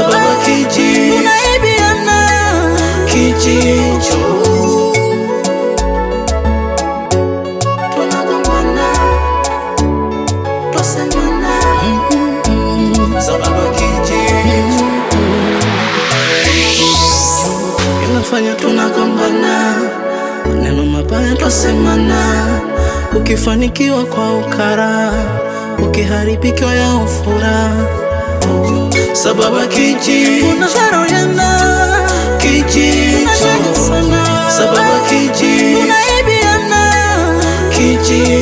sababu kiji kijicho fanya tunagombana, neno mabaya twasemana, ukifanikiwa kwa ukara, ukiharibikiwa ya ufura Sababa kijicho Kijicho Sababa kuna Unaibiana Kijicho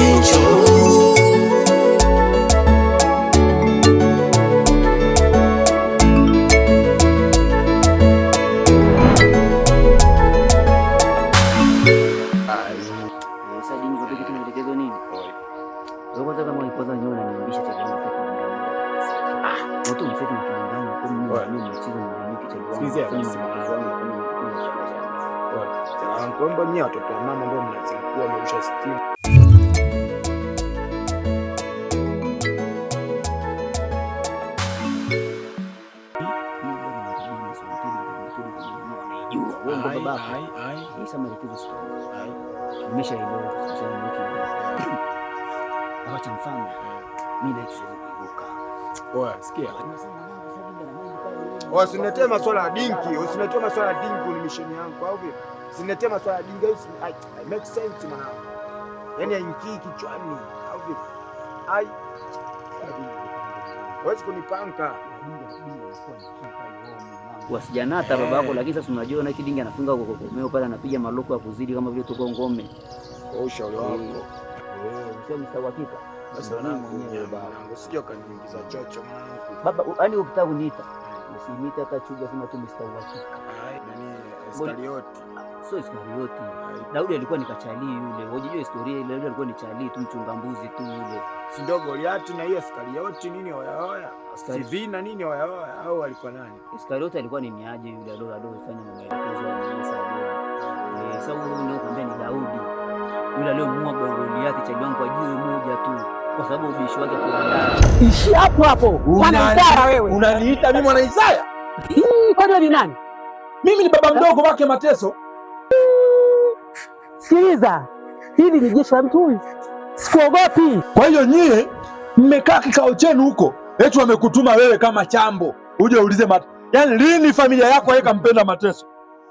kina mama ambao mnazikuwa maisha stima. sikia. Usiniletee maswala ya dinki, usiniletee maswala ya dinki ni misheni yangu au vipi? Usiniletee maswala ya dinki, I make sense mwana. Yaani inki kichwani au vipi? Ai. Huwezi kunipanka. Wasijana hata baba yako, lakini sasa unajua na kidinga anafunga kwa komeo pale anapiga maloko ya kuzidi kama vile tuko ngome. Kwa ushauri wako. Eh, msemi sawa hakika. Sasa mwanangu, usije ukaniingiza chocho mwanangu. Baba, yaani ukitaka kuniita Usimita kachuga sema tu Mr. Uhakika. Iskarioti. Sio Iskarioti. Daudi alikuwa ni kachali yule. Unajua historia ile, yule alikuwa ni chali tu mchunga mbuzi tu yule. Si ndio Goliati na hiyo Iskarioti nini oya oya? Sivina nini oya oya au alikuwa nani? Iskarioti alikuwa ni miaje yule alora alora fanya maelekezo ya Sauli. Eh, Sauli ndio kwambia ni Daudi. Yule aliyomuua Goliati chali wangu kwa jiwe moja tu kwa sababu ubishi wake kuandani. Ishi hapo hapo. Mwanaisaya wewe. Unaniita mimi mwana Isaya? Kwani hmm, wewe ni nani? Mimi ni baba mdogo wake Mateso. Sikiliza, hili ni jeshi la mtu huyu, sikuogopi. Kwa hiyo nyie mmekaa kikao chenu huko, eti wamekutuma wewe kama chambo uje uulize mate. Yaani lini familia yako haikampenda Mateso?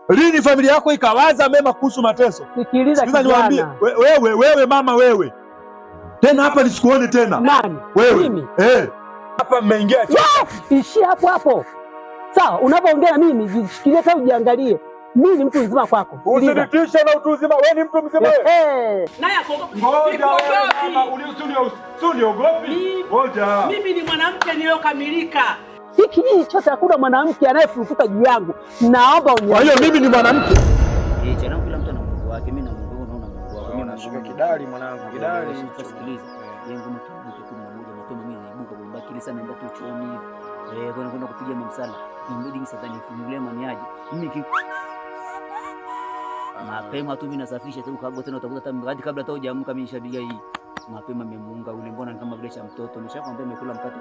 Lini familia yako ikawaza mema kuhusu Mateso? Sikiliza, niwaambie wewe, wewe mama, wewe tena hapa nisikuone tena. Nani? Wewe. Mimi. Eh. Hapa mmeingia. Ishi hapo hapo. Sawa, unapoongea na mimi jishikilie kama ujiangalie. Mimi ni mtu mzima kwako. Usinitishe na utu mzima. Wewe ni mtu mzima Eh. Naye akogopi. Ngoja mama, uliusuni usuni ogopi. Ngoja. Mimi ni mwanamke niliyokamilika. Hiki hii chote hakuna mwanamke anayefurukuta juu yangu. Naomba unyamaze. Kwa hiyo mimi ni mwanamke. Eh, jana kila mtu ana Mungu wake. Nashuka kidali mwanangu, kidali. Sikiliza. Ile ngoma tu kumi mmoja moja mapema mimi naibuka kwa mbaki ile sana ndio tu chuoni Eh, kwa kwenda kupiga mamsala. Imbidi ni sadani fungulia maniaje. Mimi ki mapema tu mimi nasafisha tu kago tena utakuta hata mradi kabla hata hujaamka mimi nishabiga hii. Mapema memuunga ule mbona ni kama vile cha mtoto. Nishakwambia nimekula mkate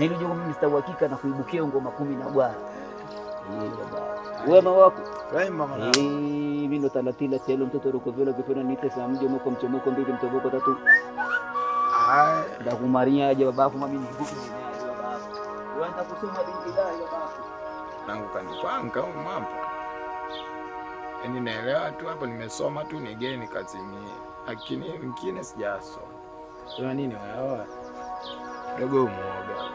kimoja. Na mimi sitauhakika na kuibukia ngoma kumi na bwana wema wako vindo talatila telo mtoto rokovela kipena nite sa mje moko mchomoko mbili mtoboko tatu ndakumaria aje babafu mami nangu kanipanga mambo yani naelewa tu hapo, nimesoma tu nigeni kazini, lakini mingine sijasoma. Sema nini wewe? Dogo mwoga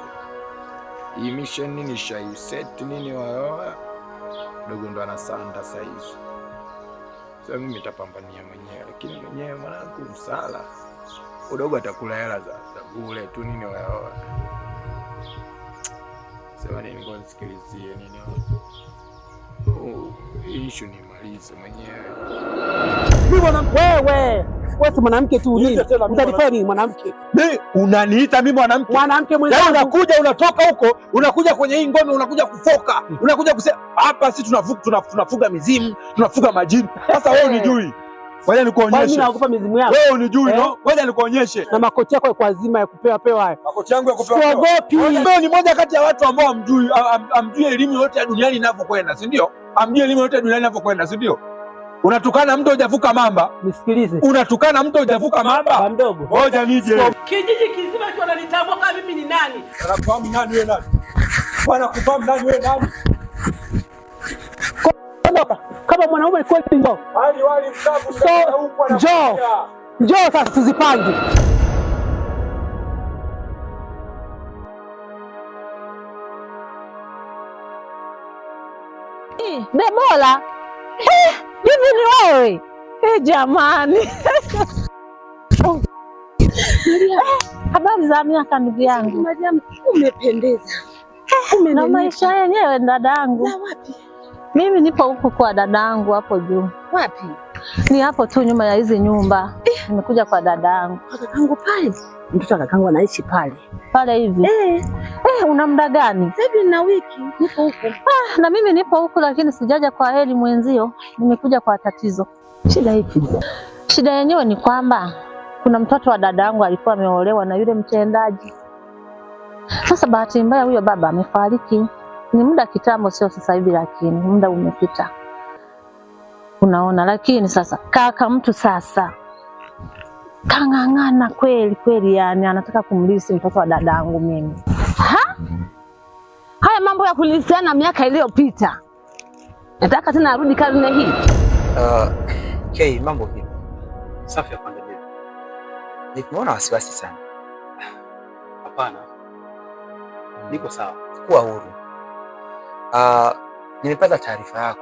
imishe nini shaiseti nini wayoa dogo ndo anasanda saizi. Sasa mimi tapambania mwenyewe, lakini mwenyewe mwanangu msala udogo atakula hela za bure tu nini waoa Sema nini kwa nisikilizie nini ishu nimalize mwenyewe mimi wewe wewe mwanamke tu nini? Utanifanya nini mwanamke? Mimi unaniita mimi mwanamke? Mwanamke mwanamke. Yaani unakuja unatoka huko, unakuja kwenye hii ngome, unakuja kufoka, mm. unakuja kusema hapa sisi tunavuka, tunafuga mizimu, tunafuga majini. Sasa wewe unijui. Ngoja nikuonyeshe. Mimi naogopa mizimu yako. Wewe unijui no? Ngoja eh? nikuonyeshe. Na makoti yako kwa azima ya kupewa pewa haya. Makoti yangu ya kupewa. Siogopi. Wewe ni mmoja kati ya watu ambao amjui amjui elimu yote ya duniani inavyokwenda, si ndio? Amjui elimu yote ya duniani inavyokwenda, si ndio? Unatukana mtu hujavuka mamba. Nisikilize. Unatukana mtu hujavuka mamba. Baba mdogo. Ngoja nije. Kijiji kizima kinanitambua kama mimi ni nani. Wanakufahamu nani wewe nani? Wanakufahamu nani wewe nani? Kama mwanaume kweli njoo. Hadi wali mkavu mkavu huko na. Njoo. Njoo sasa tuzipange. Debola. Eh hivi ni wewe hey, jamani eh, habari za miaka ndugu yangu umependeza eh, na maisha yenyewe dadangu. Mimi nipo huku kwa dadangu hapo juu. Wapi? Ni hapo tu nyuma ya hizi nyumba. Eh. Nimekuja kwa dadangu. Kwa dadangu pale mtoto wa kakangu anaishi pale pale hivi eh. Eh, una muda gani? Hivi na wiki nipo huko. Ah, na mimi nipo huko lakini sijaja kwa heri mwenzio, nimekuja kwa tatizo. Shida ipi? Shida yenyewe ni kwamba kuna mtoto wa dada yangu alikuwa ameolewa na yule mtendaji. Sasa bahati mbaya huyo baba amefariki, ni muda kitambo, sio sasa hivi, lakini muda umepita, unaona. Lakini sasa kaka mtu sasa kang'ang'ana kweli kweli, yani anataka kumlisi mtoto wa dadangu mimi. Ha? Haya mambo ya kulisiana miaka iliyopita, nataka tena arudi karne hii? Uh, okay, mambo vipi? Safi ya pande mbili. Nikuona wasiwasi sana. Hapana, niko sawa. Kuwa huru. Uh, nimepata taarifa yako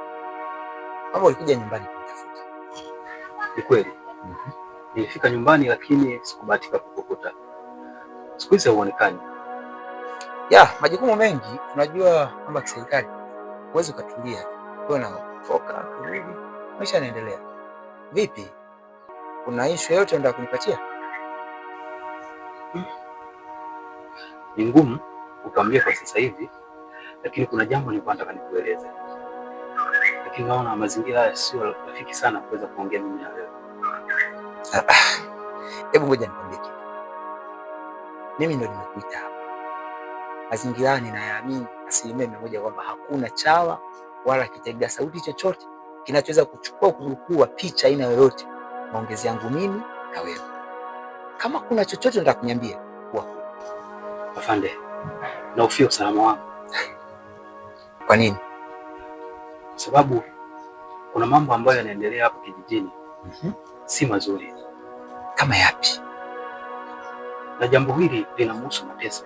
mambo ikija nyumbani kunitafuta. Ni kweli? mm -hmm. Nilifika nyumbani lakini sikubahatika kukukuta. Siku hizi hauonekani. Ya, majukumu mengi unajua kwamba kiserikali huwezi ukatulia. Wewe na foka kurudi. Maisha yanaendelea. Vipi? Kuna ishu yoyote unataka kunipatia? Hmm. Ni ngumu ukaambia kwa sasa hivi, lakini kuna jambo nilikuwa nataka nikueleze, lakini naona mazingira haya sio rafiki sana kuweza kuongea mimi na wewe. Ah, hebu ngoja nikwambie kitu. Mimi ndo nimekuita hapa. Mazingira ninayaamini asilimia mia moja kwamba hakuna chawa wala kitega sauti chochote kinachoweza kuchukua kudukua picha aina yoyote maongezi yangu mimi na wewe. Kama kuna chochote nataka kuniambia, kuwa afande, na usalama wangu. Kwa nini? Kwa sababu kuna mambo ambayo yanaendelea hapo kijijini. mm -hmm si mazuri. Kama yapi? Na jambo hili linamhusu Mapesa.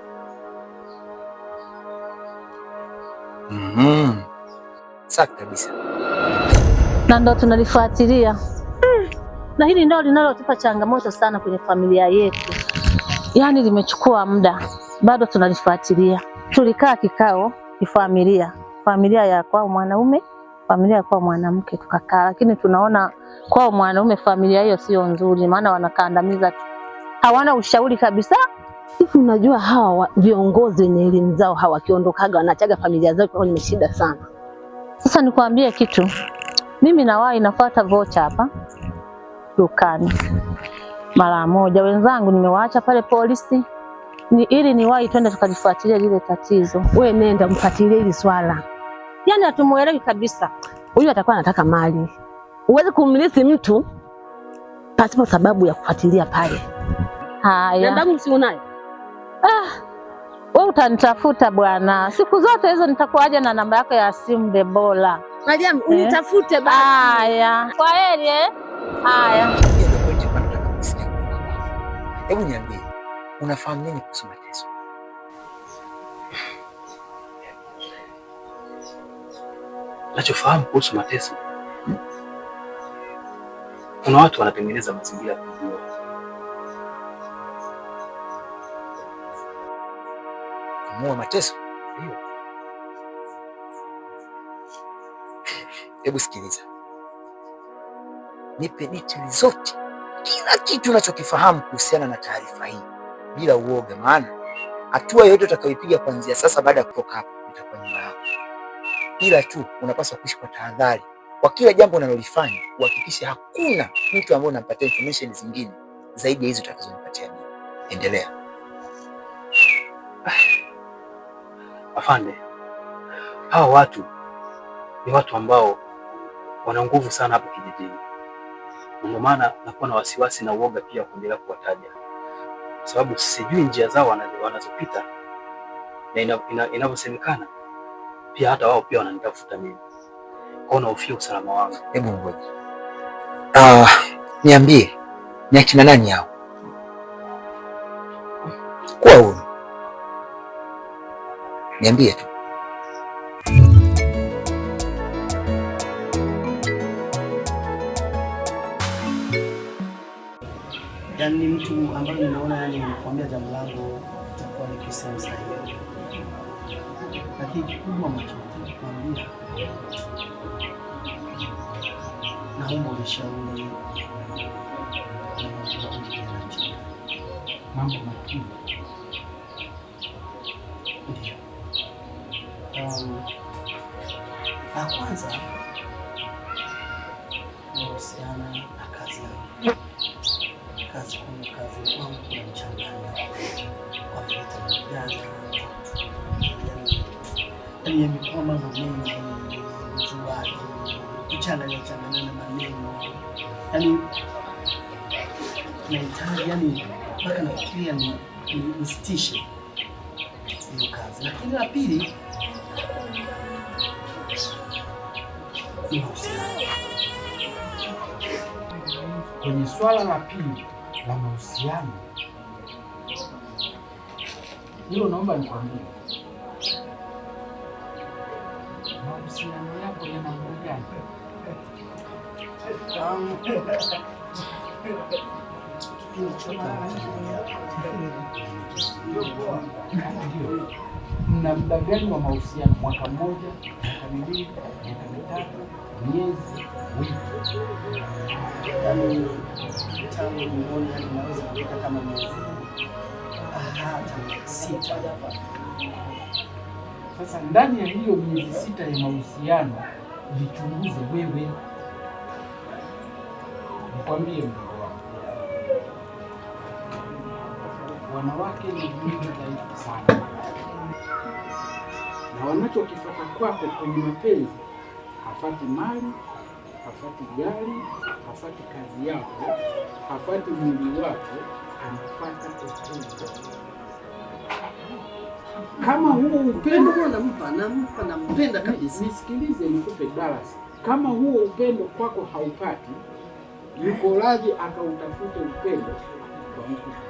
mm -hmm. Safi kabisa, na ndo tunalifuatilia hmm. Na hili ndio linalotupa changamoto sana kwenye familia yetu, yaani limechukua muda, bado tunalifuatilia. Tulikaa kikao kifamilia, familia ya kwao mwanaume familia kwa mwanamke tukakaa, lakini tunaona kwa mwanaume familia hiyo sio nzuri, maana wanakandamiza tu, hawana ushauri kabisa. Hivi unajua hawa viongozi wenye elimu zao hawakiondokaga, wanachaga familia zao kwenye shida sana. Sasa nikwambie kitu, mimi wao inafuata vocha hapa dukani mara moja, wenzangu nimewaacha pale polisi ni, ili niwahi twende tukajifuatilia lile tatizo. Wewe nenda mfuatilie hili swala yani hatumuelewi kabisa. Huyu atakuwa anataka mali, huwezi kumlisi mtu pasipo sababu ya kufuatilia pale. Haya, na si unayo? Ah, wewe utanitafuta bwana siku zote hizo, nitakuaja na namba yako ya simu Debola. eh? unitafute basi. Haya, kwa heri eh. Haya, hebu niambie unafahamu nini kusoma nachofahamu kuhusu mateso, kuna watu wanatengeneza mazingira ya kujua. Kumua mateso? Ndio. Hebu sikiliza, nipe details zote, kila kitu unachokifahamu kuhusiana na taarifa hii bila uoga, maana hatua yoyote utakayoipiga kuanzia sasa baada ya kutoka hapa itakuwa nyuma yako ila tu unapaswa kuishi kwa tahadhari. Kwa kila jambo unalolifanya uhakikishe hakuna mtu ambaye unampatia information zingine zaidi ya hizo utakazonipatia mimi. Endelea afande. Hawa watu ni watu ambao wana nguvu sana hapo kijijini, ndio maana nakuwa na wasiwasi na uoga pia kuendelea kuwataja, kwa sababu sijui njia zao wanazopita na inavyosemekana ina, ina pia hata wao pia wananitafuta mimi. Kwa Kwao naufia usalama wangu. Hebu ngoja. Ah, uh, niambie ni akina nani hao? Kwa huyu niambie tu. Yaani ni mtu ambaye ninaona, yani, nikwambia jambo langu itakuwa ni kisema sahihi lakini kikubwa macho kuambia na umo lishauri mambo makubwa fikiria nisitishe hiyo kazi, lakini la pili ni mahusiano. Kwenye swala la pili la mahusiano, hilo naomba nikwambie, mahusiano yako yana namna gani? Mna muda gani wa mahusiano? Mwaka mmoja, mwaka miwili, miaka mitatu, miezi, wiki? Yaani, tangu naweza kuweka kama miezi hata sita hapa. Sasa ndani ya hiyo miezi sita ya mahusiano, jichunguze wewe, nikwambie wanawake ni viumbe dhaifu sana, na wanachokifata kwako kwenye mapenzi, hafati mali, hafati gari, hafati kazi yako, hafati mwili wako, anafata upendo. Kama huo upendo nampa nampa nampenda kabisa. Nisikilize nikupe darasa. Kama huo upendo kwako haupati, yuko radhi akautafute upendo kwa mtu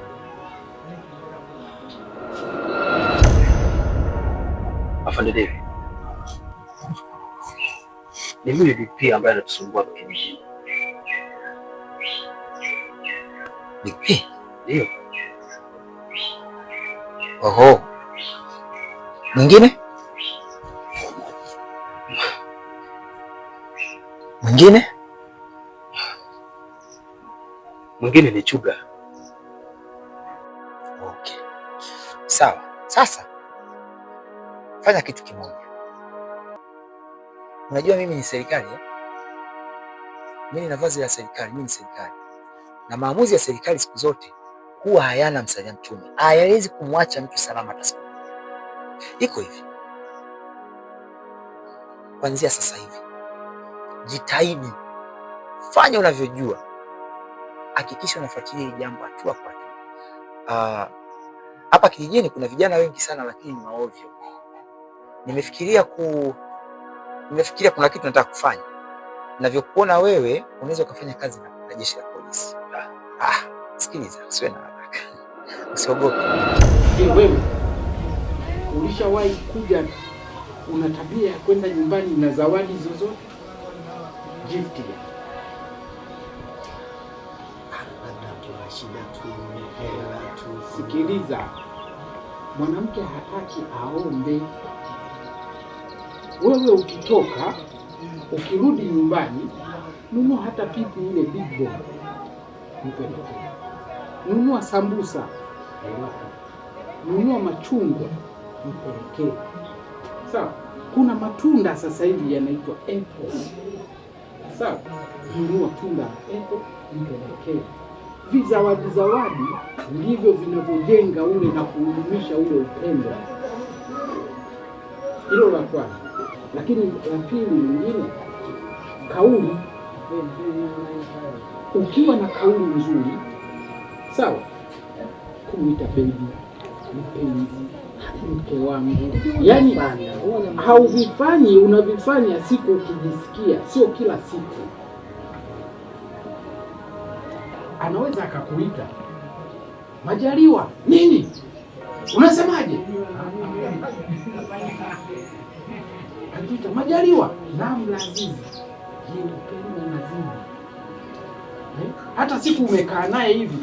tuendelee. Ni mimi pia ambaye anatusumbua kimjini. Ndio. Oho. Mwingine? Mwingine? Mwingine ni Chuga. Okay. Sawa. Sasa fanya kitu kimoja. Unajua mimi ni serikali, eh? mimi nina vazi la serikali, mimi ni serikali, na maamuzi ya serikali siku zote huwa hayana msalia mtume, hayawezi kumwacha mtu salama hata siku moja. Iko hivi, kuanzia sasa hivi jitahidi, fanya unavyojua, hakikisha unafuatilia hili jambo hatua kwa hatua. Ah, hapa kijijini kuna vijana wengi sana, lakini ni maovyo nimefikiria ku nimefikiria kuna kitu nataka kufanya. Ninavyokuona wewe unaweza ukafanya kazi na jeshi la polisi. Ah, sikiliza, usiwe na haraka. Usiogope. Wewe ulishawahi kuja una tabia ya kwenda nyumbani na zawadi zozote? Gift ya Sikiliza, mwanamke hataki aombe wewe ukitoka ukirudi nyumbani, nunua hata pipi ile big boy, nipeleke. Nunua sambusa, nunua machungwa, mpelekee. Sawa, kuna matunda sasa hivi yanaitwa apple. Sawa, nunua tunda la apple mpelekee. Vizawadi, zawadi ndivyo vinavyojenga ule na kuhudumisha ule upendo. Hilo la kwanza. Lakini la pili nyingine, kauli. Ukiwa na kauli nzuri, sawa, kumwita bebi, mpenzi, mke wangu, yani hauvifanyi, unavifanya siku ukijisikia, sio kila siku. Anaweza akakuita Majaliwa, nini, unasemaje? alikuita Majaliwa na Mlazizi, je, upendo unazidi? Eh? Hata siku umekaa naye hivi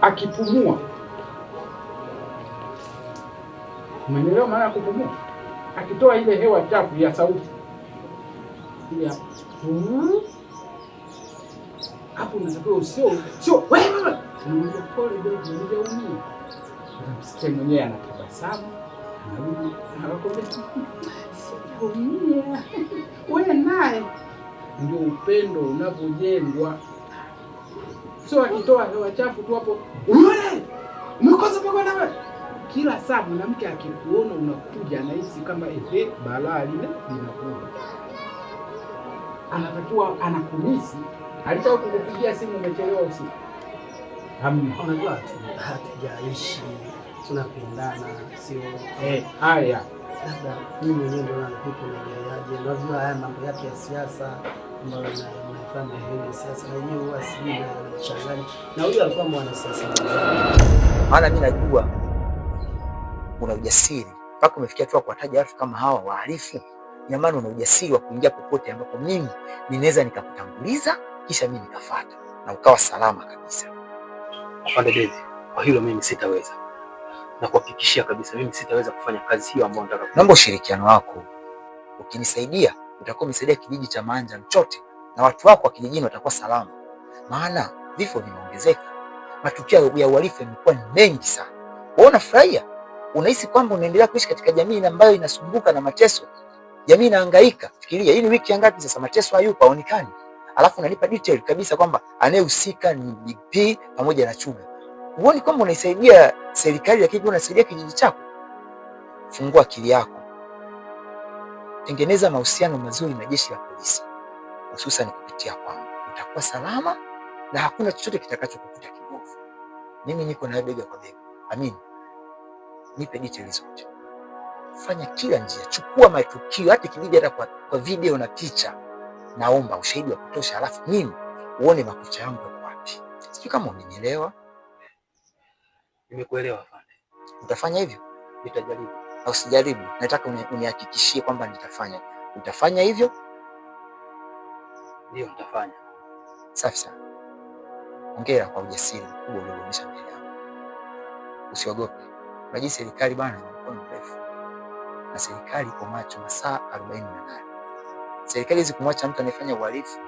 akipumua, umeelewa maana ya kupumua, akitoa ile hewa chafu ya sauti ile hapo hapo, unatakiwa usio sio wewe, unamwambia pole baby, hujaumia. Unamsikia mwenyewe anatabasamu, anarudi anakwambia anakuvunia we naye. Ndio upendo unavyojengwa, sio akitoa hewa chafu tu hapo mkosa pako nawe kila saa mwanamke akikuona unakuja anahisi kama ehe, balaa lile linakuja, anatakiwa anakumisi. Alitaka kukupigia simu umechelewa usiku. Unajua hatujaishi tunapendana, sio eh, haya labda mimi mwenyewe ndio naendeleaje. haya mambo ya siasa ambayo hivi siasa na yeye huwa sijui na na huyu alikuwa mwanasiasa. Maana mimi najua una ujasiri mpaka umefikia hatua kuwataja watu kama hawa wahalifu. Ina una ujasiri wa kuingia popote ambapo mimi ninaweza nikakutanguliza kisha mimi nikafuata na ukawa salama kabisa. Afande kwa hilo mimi sitaweza na kuhakikishia kabisa mimi sitaweza kufanya kazi hiyo ambayo nataka. Naomba ushirikiano wako, ukinisaidia nitakuwa umesaidia kijiji cha Manja Mchote na watu wako wa kijijini watakuwa salama, maana vifo vimeongezeka, matukio ya uhalifu yamekuwa ni mengi sana. Wewe unafurahia, unahisi kwamba unaendelea kuishi katika jamii ambayo inasumbuka na mateso, jamii inahangaika. Fikiria, hii ni wiki ngapi sasa, mateso hayupo, haonekani, alafu unanipa detail kabisa kwamba anayehusika ni Big P pamoja na Chuga. Huoni kwamba unaisaidia serikali, lakini unasaidia kijiji chako? Fungua akili yako, tengeneza mahusiano mazuri na jeshi la polisi, hususan kupitia kwangu. Utakuwa salama na hakuna chochote kitakachokukuta kibovu. Mimi niko na bega kwa bega. Amin, nipe details zote, fanya kila njia, chukua matukio, hata ikibidi hata kwa, kwa video na picha. Naomba ushahidi wa kutosha, alafu mimi uone makucha yangu wapi. Sijui kama umenielewa. Nimekuelewa afande. Utafanya hivyo? Nitajaribu. Na usijaribu, nataka unihakikishie kwamba nitafanya. Utafanya hivyo? Ndio, nitafanya. Safi sana. Ongea kwa ujasiri mkubwa ulioonyesha mbele yangu. Usiogope. Unajua serikali bana ni mkono mrefu, na serikali iko macho masaa 48. Serikali hizi kumwacha mtu anayefanya uhalifu.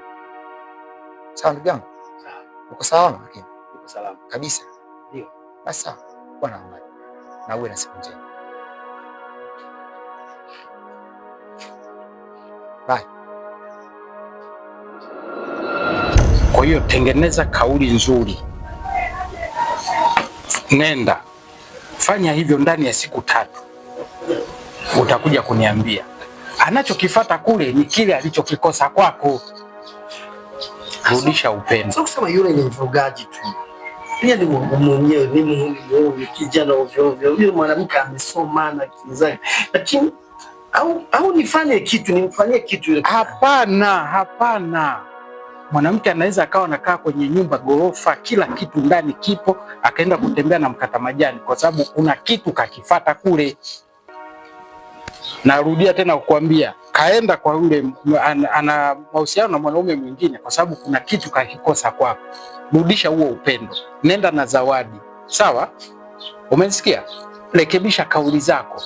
Sawa ndugu yangu? Sawa. Uko salama Uko salama kabisa. Ndio. Sasa bwana amani na uwe na siku njema. Bye. Kwa hiyo tengeneza kauli nzuri, nenda fanya hivyo ndani ya siku tatu, utakuja kuniambia. Anachokifata kule ni kile alichokikosa kwako. Rudisha upendo. Sio kusema yule ni mvugaji tu pia ni Mungu mwenyewe, ni Mungu kijana ovyo ovyo, huyo mwanamke amesoma na akili lakini au, au nifanye kitu nimfanyie kitu? Hapana, hapana. Mwanamke anaweza akawa anakaa kwenye nyumba gorofa, kila kitu ndani kipo, akaenda kutembea na mkata majani, kwa sababu kuna kitu kakifata kule. Narudia tena kukwambia, kaenda kwa yule ana mahusiano na mwanaume mwingine, kwa sababu kuna kitu kakikosa kwako. Rudisha huo upendo, nenda na zawadi. Sawa, Umesikia? Rekebisha kauli zako,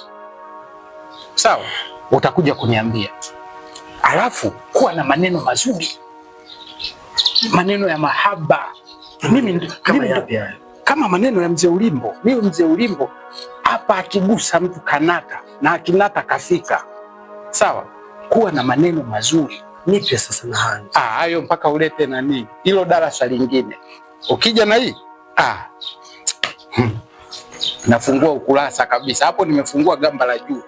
sawa? Utakuja kuniambia. Alafu kuwa na maneno mazuri, maneno ya mahaba. Mimi, mimi, kama maneno ya mzee Ulimbo. Mimi mzee Ulimbo hapa akigusa mtu kanata na akinata kafika. Sawa, kuwa na maneno mazuri. Nipe sasa na hani. Ah, hayo mpaka ulete nani? Hilo darasa lingine. Ukija na hii? Ah. Hmm. Nafungua ukurasa kabisa. Hapo nimefungua gamba la juu.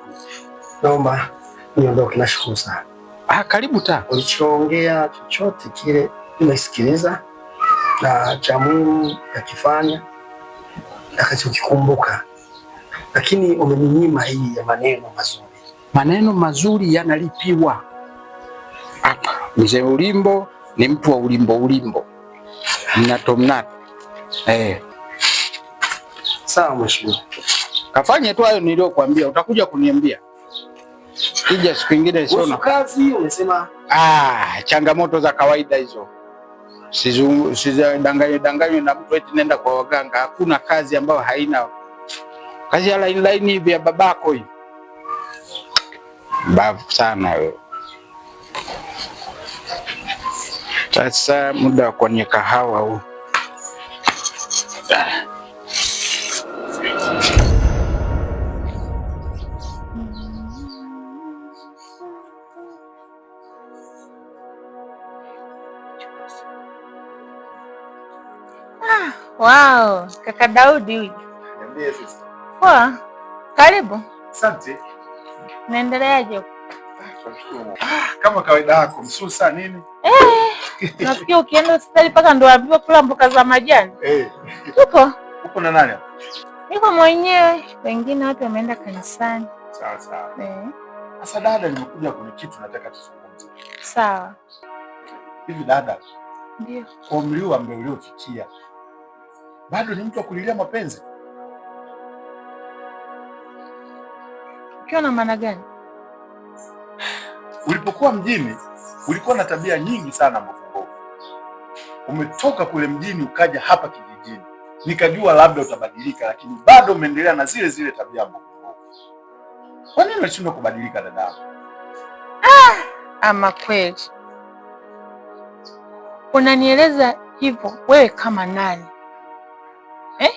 Naomba niondoke, nashukuru sana. Ah, karibu ta. Ulichoongea chochote kile nimesikiliza na cha muhimu kifanya nakachokikumbuka, lakini umeninyima hii ya maneno mazuri. Maneno mazuri yanalipiwa hapa. Mzee Ulimbo ni mtu wa ulimbo, ulimbo mnato, mnato. Eh, sawa mheshimiwa, kafanye tu hayo niliyokuambia. Utakuja kuniambia ija siku ingine, sio kazi. Umesema ah, changamoto za kawaida hizo. Sidanganywe danganywe na mtu eti nenda kwa waganga. Hakuna kazi ambayo haina kazi ya laini laini hivi ya babako hivi, mbavu sana wewe. Sasa muda wa kwenye kahawa huu. Wow, kaka Daudi huyu. Niambie sisi. Poa. Karibu. Asante. Naendeleaje? Ah, ah, kama kawaida yako, msusa nini? Eh, nasikia ukienda hospitali paka ndo wapiwa kula mboka za majani. Eh. Uko? Uko na nani? Niko mwenyewe, wengine watu wameenda kanisani. Sawa sawa. Eh. Sasa dada, nimekuja kuna kitu nataka tuzungumze. Sawa. Hivi dada. Ndio. Kwa umri ambao uliofikia bado ni mtu wa kulilia mapenzi. Ukiwa na maana gani? Ulipokuwa mjini ulikuwa na tabia nyingi sana mbovu Umetoka kule mjini ukaja hapa kijijini, nikajua labda utabadilika, lakini bado umeendelea na zile zile tabia mbovu Kwa nini unashindwa kubadilika dada? Ah, ama kweli unanieleza hivyo wewe kama nani? eh?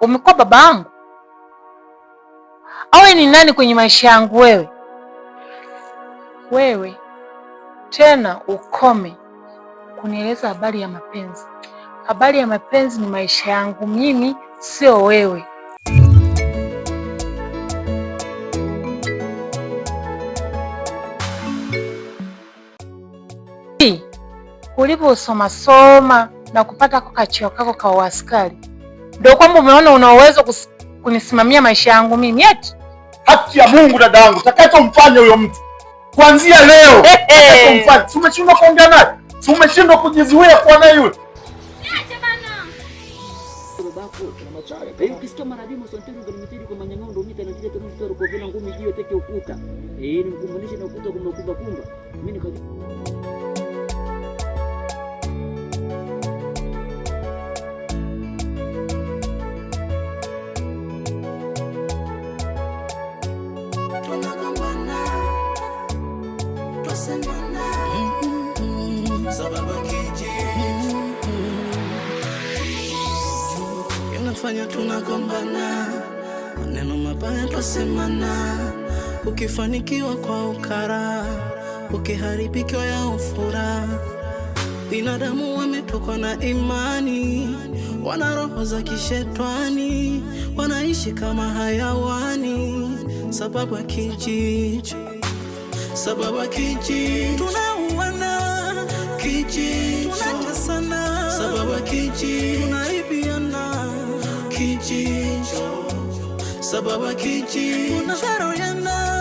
Umekuwa baba yangu? Awe ni nani kwenye maisha yangu wewe? Wewe tena ukome kunieleza habari ya mapenzi. Habari ya mapenzi ni maisha yangu mimi, sio wewe. Ulivyosoma soma na kupata kako kako ka uaskari ndio kwamba umeona una uwezo kunisimamia maisha yangu mimi eti? Haki ya Mungu dada yangu, takichomfanya huyo mtu kuanzia leo takichomfanya, si umeshindwa kuongea naye, si umeshindwa kujizuia kuwa naye yule inafanya tunagombana, maneno mabaya twasemana, ukifanikiwa kwa ukara, ukiharibikiwa ya ufura. Binadamu wametokwa na imani, wana roho za kishetwani, wanaishi kama hayawani sababu ya kijicho Sababa kijicho tunauana, kijicho tunatesana, sababa kijicho tunaibiana, kijicho sababa kijicho tunadharauliana